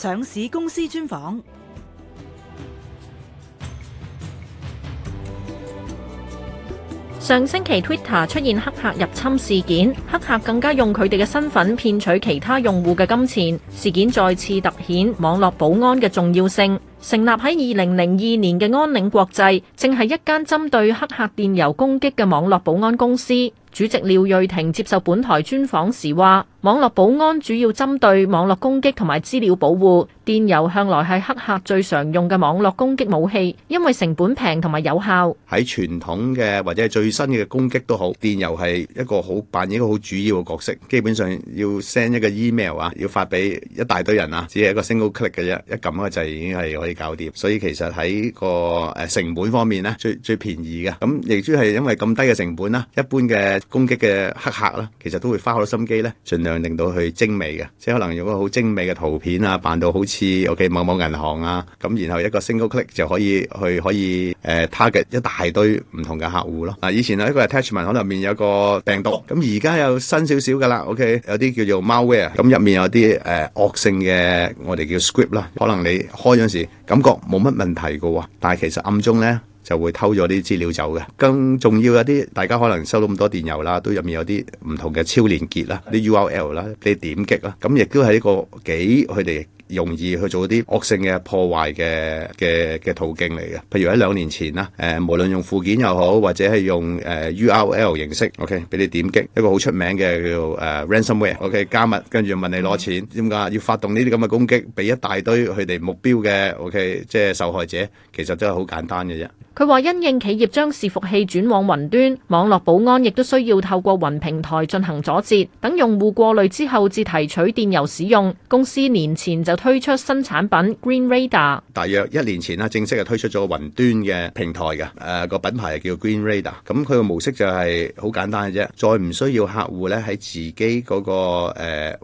上市公司專訪。上星期 Twitter 出現黑客入侵事件，黑客更加用佢哋嘅身份騙取其他用戶嘅金錢。事件再次突顯網絡保安嘅重要性。成立喺二零零二年嘅安領國際，正係一間針對黑客電郵攻擊嘅網絡保安公司。主席廖銳霆接受本台專訪時話，網絡保安主要針對網絡攻擊同埋資料保護。電郵向來係黑客最常用嘅網絡攻擊武器，因為成本平同埋有效。喺傳統嘅或者係最新嘅攻擊都好，電郵係一個好扮演一個好主要嘅角色。基本上要 send 一個 email 啊，要發俾一大堆人啊，只係一個 single click 嘅啫，一撳一個掣已經係可以搞掂。所以其實喺個誒成本方面咧，最最便宜嘅。咁亦都係因為咁低嘅成本啦，一般嘅。攻擊嘅黑客啦，其實都會花好多心機咧，盡量令到佢精美嘅，即係可能用個好精美嘅圖片啊，扮到好似 OK 某某銀行啊，咁然後一個 single click 就可以去可以 target 一大堆唔同嘅客戶咯。以前呢一個 attachment 可能入面有個病毒，咁而家有新少少噶啦，OK 有啲叫做 malware，咁入面有啲誒惡性嘅，我哋叫 script 啦，可能你開嗰陣時感覺冇乜問題㗎喎，但係其實暗中咧。就會偷咗啲資料走嘅，更重要有啲大家可能收到咁多電郵啦，都入面有啲唔同嘅超連結啦，啲 URL 啦，啲點擊啦，咁亦都係一個幾佢哋，容易去做啲惡性嘅破壞嘅嘅嘅途徑嚟嘅，譬如喺兩年前啦，誒無論用附件又好，或者係用誒 URL 形式，OK 俾你點擊一個好出名嘅叫做 ransomware，OK，加密跟住問你攞錢，點解要發動呢啲咁嘅攻擊？俾一大堆佢哋目標嘅，OK 即係受害者，其實真係好簡單嘅啫。佢話因應企業將伺服器轉往雲端，網絡保安亦都需要透過雲平台進行阻截，等用戶過濾之後至提取電郵使用。公司年前就推出新產品 Green Radar，大約一年前啦，正式推出咗雲端嘅平台嘅，個品牌叫 Green Radar。咁佢個模式就係好簡單嘅啫，再唔需要客戶咧喺自己嗰個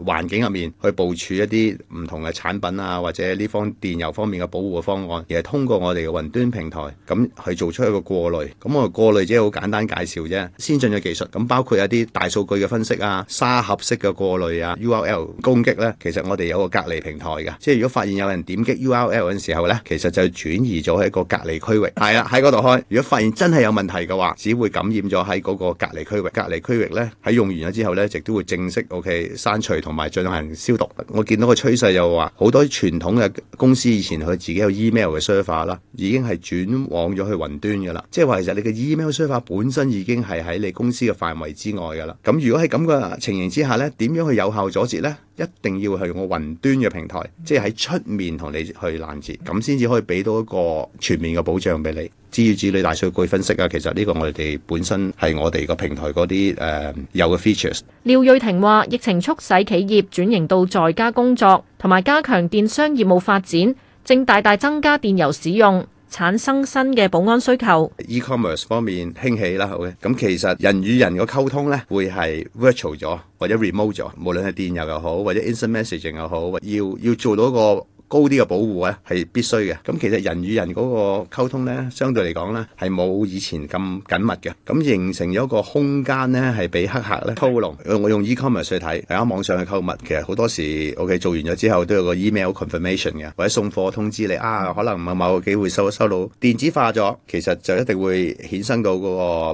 環境入面去部署一啲唔同嘅產品啊，或者呢方電郵方面嘅保護嘅方案，而係通過我哋嘅雲端平台咁去做出一個過濾。咁我過濾即係好簡單介紹啫，先進嘅技術，咁包括一啲大數據嘅分析啊、沙盒式嘅過濾啊、URL 攻擊呢。其實我哋有個隔離平台。即係如果發現有人點擊 URL 嘅時候呢，其實就轉移咗喺個隔離區域。係啦，喺嗰度開。如果發現真係有問題嘅話，只會感染咗喺嗰個隔離區域。隔離區域呢，喺用完咗之後呢，亦都會正式 OK 刪除同埋進行消毒。我見到個趨勢就話，好多傳統嘅公司以前佢自己有 email 嘅 server 啦，已經係轉往咗去雲端噶啦。即係話其實你嘅 email server 本身已經係喺你公司嘅範圍之外噶啦。咁如果喺咁嘅情形之下呢，點樣去有效阻截呢？一定要係用個雲端嘅平台。即係喺出面同你去攔截，咁先至可以俾到一個全面嘅保障俾你。至於子女大數據分析啊，其實呢個我哋本身係我哋個平台嗰啲有嘅 features。廖銳霆話：疫情促使企業轉型到在家工作，同埋加強電商業務發展，正大大增加電郵使用。產生新嘅保安需求，e-commerce 方面興起啦。好嘅，咁其實人與人嘅溝通咧，會係 virtual 咗或者 remote 咗，無論係電郵又好，或者 instant messaging 又好，要要做到一個，高啲嘅保護咧係必須嘅。咁其實人與人嗰個溝通咧，相對嚟講咧係冇以前咁緊密嘅。咁形成咗個空間咧，係俾黑客咧偷龍。我用 e-commerce 去睇，大家網上去購物，其實好多時 OK 做完咗之後都有個 email confirmation 嘅，或者送貨通知你啊，可能某某個機會收收到電子化咗，其實就一定會衍生到嗰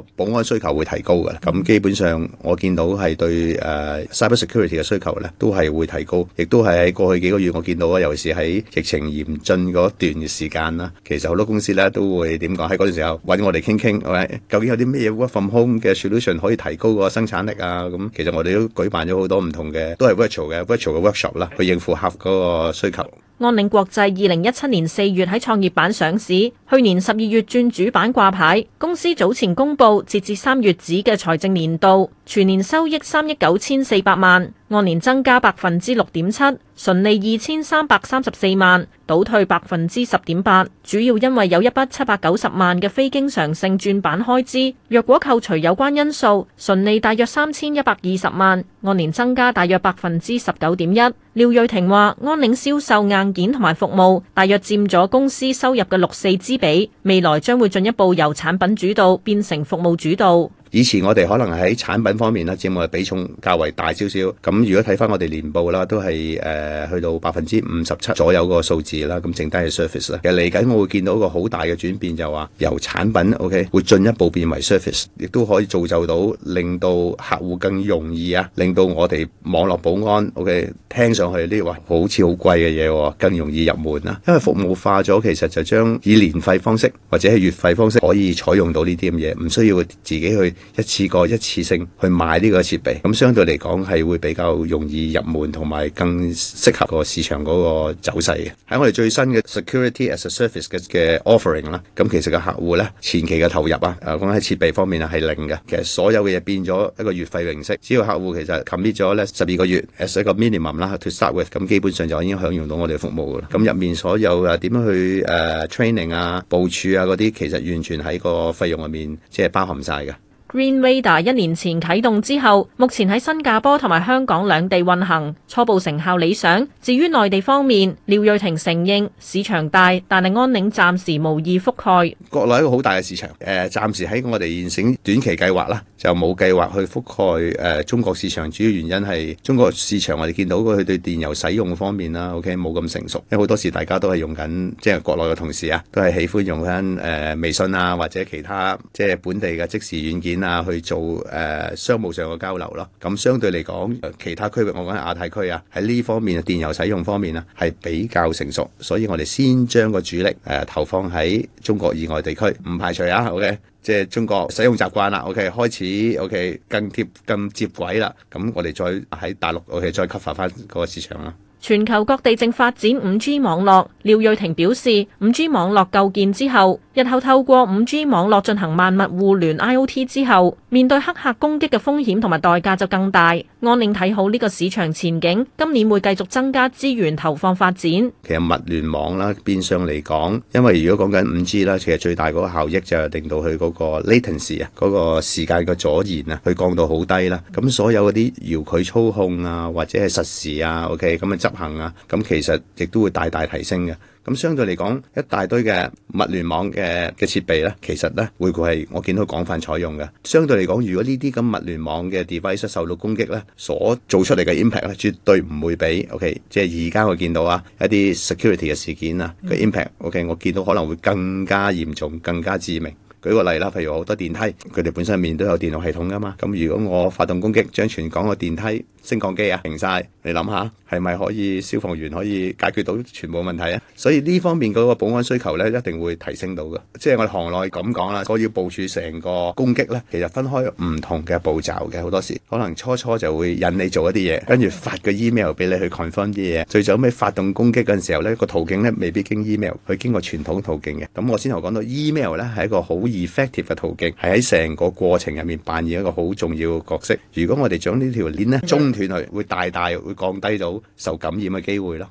個保安需求會提高嘅。咁基本上我見到係對誒、uh, cyber security 嘅需求咧都係會提高，亦都係喺過去幾個月我見到啊，尤其是係喺疫情嚴峻嗰段時間啦，其實好多公司咧都會點講喺嗰段時候揾我哋傾傾，究竟有啲咩嘢 Work from Home 嘅 solution 可以提高個生產力啊？咁其實我哋都舉辦咗好多唔同嘅，都係 virtual 嘅 virtual 嘅 workshop 啦，去應付客嗰個需求。安領國際二零一七年四月喺創業板上市，去年十二月轉主板掛牌。公司早前公布截至三月止嘅財政年度。全年收益三億九千四百萬，按年增加百分之六點七，純利二千三百三十四萬，倒退百分之十點八，主要因為有一筆七百九十萬嘅非經常性轉板開支。若果扣除有關因素，純利大約三千一百二十萬，按年增加大約百分之十九點一。廖銳霆話：安領銷售硬件同埋服務，大約佔咗公司收入嘅六四之比，未來將會進一步由產品主導變成服務主導。以前我哋可能喺產品方面咧，佔我哋比重較為大少少。咁如果睇翻我哋年報啦，都係誒、呃、去到百分之五十七左右個數字啦。咁剩低嘅 service 啦，其實嚟緊我會見到一個好大嘅轉變，就話由產品 OK 會進一步變為 service，亦都可以造就到令到客戶更容易啊，令到我哋網絡保安 OK 聽上去呢啲話好似好貴嘅嘢喎，更容易入門啦。因為服務化咗，其實就將以年費方式或者係月費方式可以採用到呢啲咁嘢，唔需要自己去。一次過一次性去買呢個設備，咁相對嚟講係會比較容易入門，同埋更適合個市場嗰個走勢嘅。喺我哋最新嘅 security as a service 嘅 offering 啦，咁其實個客戶咧前期嘅投入啊，講喺設備方面係零嘅。其實所有嘅嘢變咗一個月費嘅形式，只要客戶其實 commit 咗咧十二個月 as 一個 minimum 啦，to start with，咁基本上就已經享用到我哋服務噶啦。咁入面所有誒點樣去誒 training 啊、部署啊嗰啲，其實完全喺個費用入面即係包含晒嘅。Green Radar 一年前啟動之後，目前喺新加坡同埋香港兩地運行，初步成效理想。至於內地方面，廖銳霆承認市場大，但係安領暫時無意覆蓋。國內一個好大嘅市場，誒，暫時喺我哋現成短期計劃啦，就冇計劃去覆蓋誒中國市場。主要原因係中國市場我哋見到佢對電郵使用方面啦，OK，冇咁成熟。因為好多時大家都係用緊即係國內嘅同事啊，都係喜歡用緊誒、呃、微信啊或者其他即係、就是、本地嘅即時軟件。啊，去做誒商務上嘅交流咯，咁相對嚟講，其他區域我講亞太區啊，喺呢方面電郵使用方面啊，係比較成熟，所以我哋先將個主力誒投放喺中國以外地區，唔排除啊，OK，即係中國使用習慣啦，OK，開始 OK，更貼更接軌啦，咁我哋再喺大陸 OK 再吸發翻嗰個市場啦。全球各地正發展五 G 網絡，廖銳霆表示：五 G 網絡構建之後，日後透過五 G 網絡進行萬物互聯 IOT 之後，面對黑客攻擊嘅風險同埋代價就更大。安領睇好呢個市場前景，今年會繼續增加資源投放發展。其實物聯網啦，變相嚟講，因為如果講緊五 G 啦，其實最大嗰個效益就係令到佢嗰個 latency 啊，嗰個時間嘅阻延啊，佢降到好低啦。咁所有嗰啲遙距操控啊，或者係實時啊，OK，咁啊行啊，咁其實亦都會大大提升嘅。咁相對嚟講，一大堆嘅物聯網嘅嘅設備呢，其實呢會係我見到廣泛採用嘅。相對嚟講，如果呢啲咁物聯網嘅 device 受到攻擊呢，所做出嚟嘅 impact 呢，絕對唔會比 OK。即係而家我見到啊，一啲 security 嘅事件啊嘅 impact OK，我見到可能會更加嚴重，更加致命。舉個例啦，譬如，好多電梯，佢哋本身面都有電腦系統噶嘛。咁如果我發動攻擊，將全港個電梯、升降機啊停晒，你諗下係咪可以消防員可以解決到全部問題啊？所以呢方面嗰個保安需求呢，一定會提升到嘅。即係我行內咁講啦，我要部署成個攻擊呢，其實分開唔同嘅步驟嘅。好多時可能初初就會引你做一啲嘢，跟住發個 email 俾你去 confirm 啲嘢。最最尾發動攻擊嗰陣時候呢，個途徑呢未必經 email，佢經過傳統途徑嘅。咁我先頭講到 email 呢，係一個好。effective 嘅途徑，係喺成個過程入面扮演一個好重要嘅角色。如果我哋將呢條鏈咧中斷去會大大會降低到受感染嘅機會咯。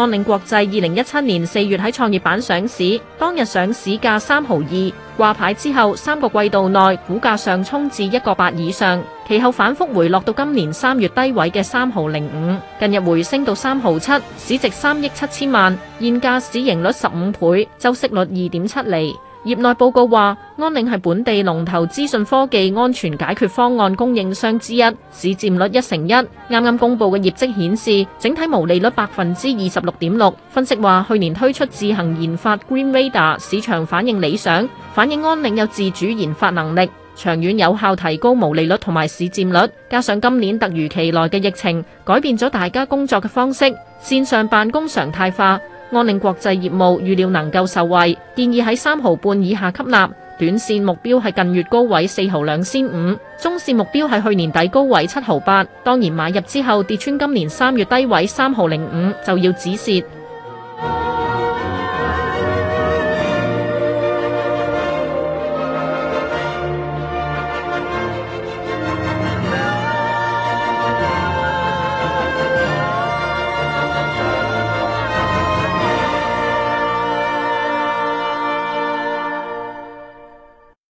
安領國際二零一七年四月喺創業板上市，當日上市價三毫二，掛牌之後三個季度內股價上衝至一個八以上，其後反復回落到今年三月低位嘅三毫零五，近日回升到三毫七，市值三億七千萬，現價市盈率十五倍，周息率二點七厘。業內報告話，安領係本地龍頭資訊科技安全解決方案供應商之一，市占率一成一。啱啱公布嘅業績顯示，整體毛利率百分之二十六點六。分析話，去年推出自行研發 Green Radar，市場反應理想，反映安領有自主研發能力，長遠有效提高毛利率同埋市占率。加上今年突如其來嘅疫情，改變咗大家工作嘅方式，線上辦公常態化。安領國際業務預料能夠受惠，建議喺三毫半以下吸納，短線目標係近月高位四毫兩千五，中線目標係去年底高位七毫八。當然買入之後跌穿今年三月低位三毫零五就要止蝕。